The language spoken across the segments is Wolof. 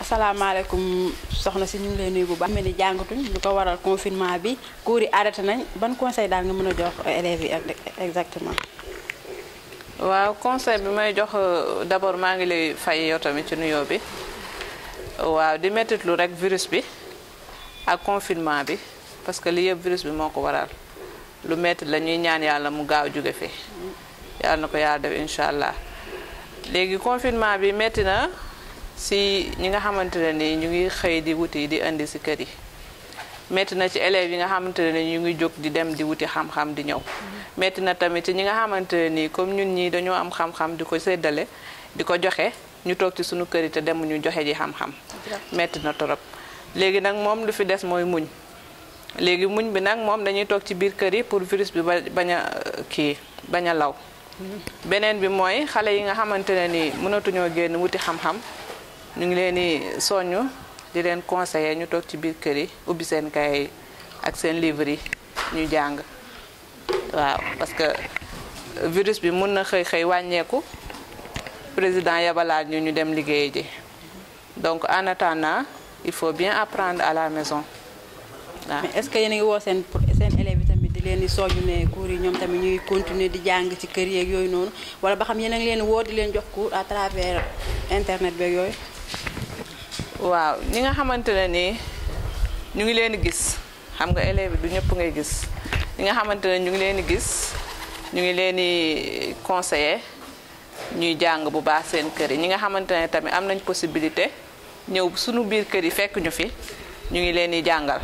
asalaamaaleykum soxna si ñu ngi lay nuyu bu baax. mel ni jàngatuñ lu ko waral confinement bi cours yi nañ ban conseil daal nga mën a jox élèves yi exactement. waaw conseil bi may jox euh, d'abord maa ngi lay fay yow tamit ci nuyoo bi waaw di mettitlu rek virus bi ak confinement bi parce que li yëpp virus bi moo ko waral lu metti la ñuy ñaan yàlla mu gaaw jóge fi yàlla na ko yàlla def incha allah léegi confinement bi metti si ñi nga xamante ne ni ñu ngi xëy di wuti di indi si kër yi métti na ci élèves yi nga xamante ne ñu ngi jóg di dem di wuti xam-xam di ñëw métti na tamit ci ñi nga xamante ne nii comme ñun ñii dañoo am xam-xam di ko séddale di ko joxe ñu toog ci suñu kër yi te dem ñu joxe ji xam-xam métti na torop léegi nag moom lu fi des mooy muñ léegi muñ bi nag moom dañuy toog ci biir kër yi pour virus bi bañ a kii bañ a law mm-hmm. beneen bi mooy xale yi nga xamante ne ni mënatuñoo génn wuti xam ñu ngi leen di soññu di leen conseiller ñu toog ci biir kër yi ubbi seen kay ak seen livre yi ñu jàng waaw parce que virus bi mun na xëy xëy wàññeeku président yabalaat ñu ñu dem liggéeye ji donc en attendant il faut bien apprendre à la maison waaw. mais est-ce que yéen a ngi woo seen seen élèves yi tamit di leen di soññu ne cours yi ñoom tamit ñuy continuer di jàng ci kër yeeg yooyu noonu wala ba xam yéen a ngi leen woo di leen jox cours à travers internet beeg yooyu. waaw ñi nga xamante ne nii ñu ngi leen di gis xam nga élèves du ñëpp ngay gis ñi nga xamante ne ñu ngi leen di gis ñu ngi leen di conseiller ñuy jàng bu baax seen kër yi ñi nga xamante ne tamit am nañ possibilité ñëw suñu biir kër yi fekk ñu fi ñu ngi leen di jàngal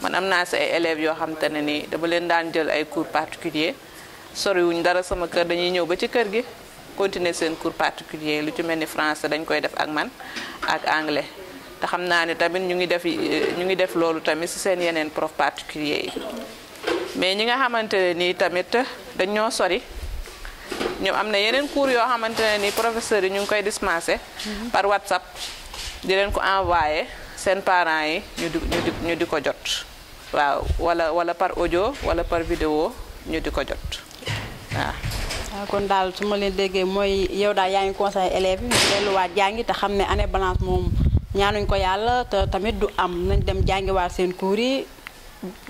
man am naa si ay élèves yoo xamante ne nii dama leen daan jël ay cours particulier soriwuñ dara sama kër dañuy ñëw ba ci kër gi continuer seen cours particulier lu ci melni français dañ koy def ak man ak anglais ta xamna ni tamit ñu ngi def ñu ngi def lolu tamit ci seen yenen prof particulier yi mais ñi nga xamantene ni nii tamit dañoo sori ñu amna yenen cours yo xamantene ni professeur yi ñu ngi koy dismasser mhm. par whatsapp di len ko envoyer seen parents yi ñu ñu di ñu di jot waaw wala wala par audio wala par vidéo ñu diko jot waaw Ah, kon daal su ma leen déggee mooy yow daal yaa ngi conseil élèves yi ñu delluwaat jàngi te xam ne année balance moom ñaanuñ ko yàlla te tamit du am nañ dem jàngiwaat seen cours yi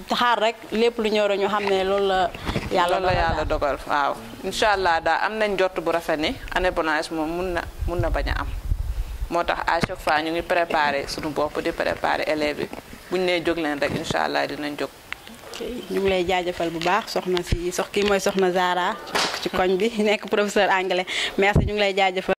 taxaar rek lépp lu ñëw rek ñu xam ne loolu la. yàlla dogal dogal waaw. incha allah daal am nañ jot bu rafet ni année blanche moom mun na mun na bañ a am moo tax à chaque fois ñu ngi préparé suñu bopp di préparé élèves yi buñ nee jóg leen rek incha allah dinañ jóg. ñu ngi lay jaajëfal bu baax soxna si sox kii mooy soxna Zara ci koñ bi nekk professeur anglais merci ñu ngi lay jaajëfal.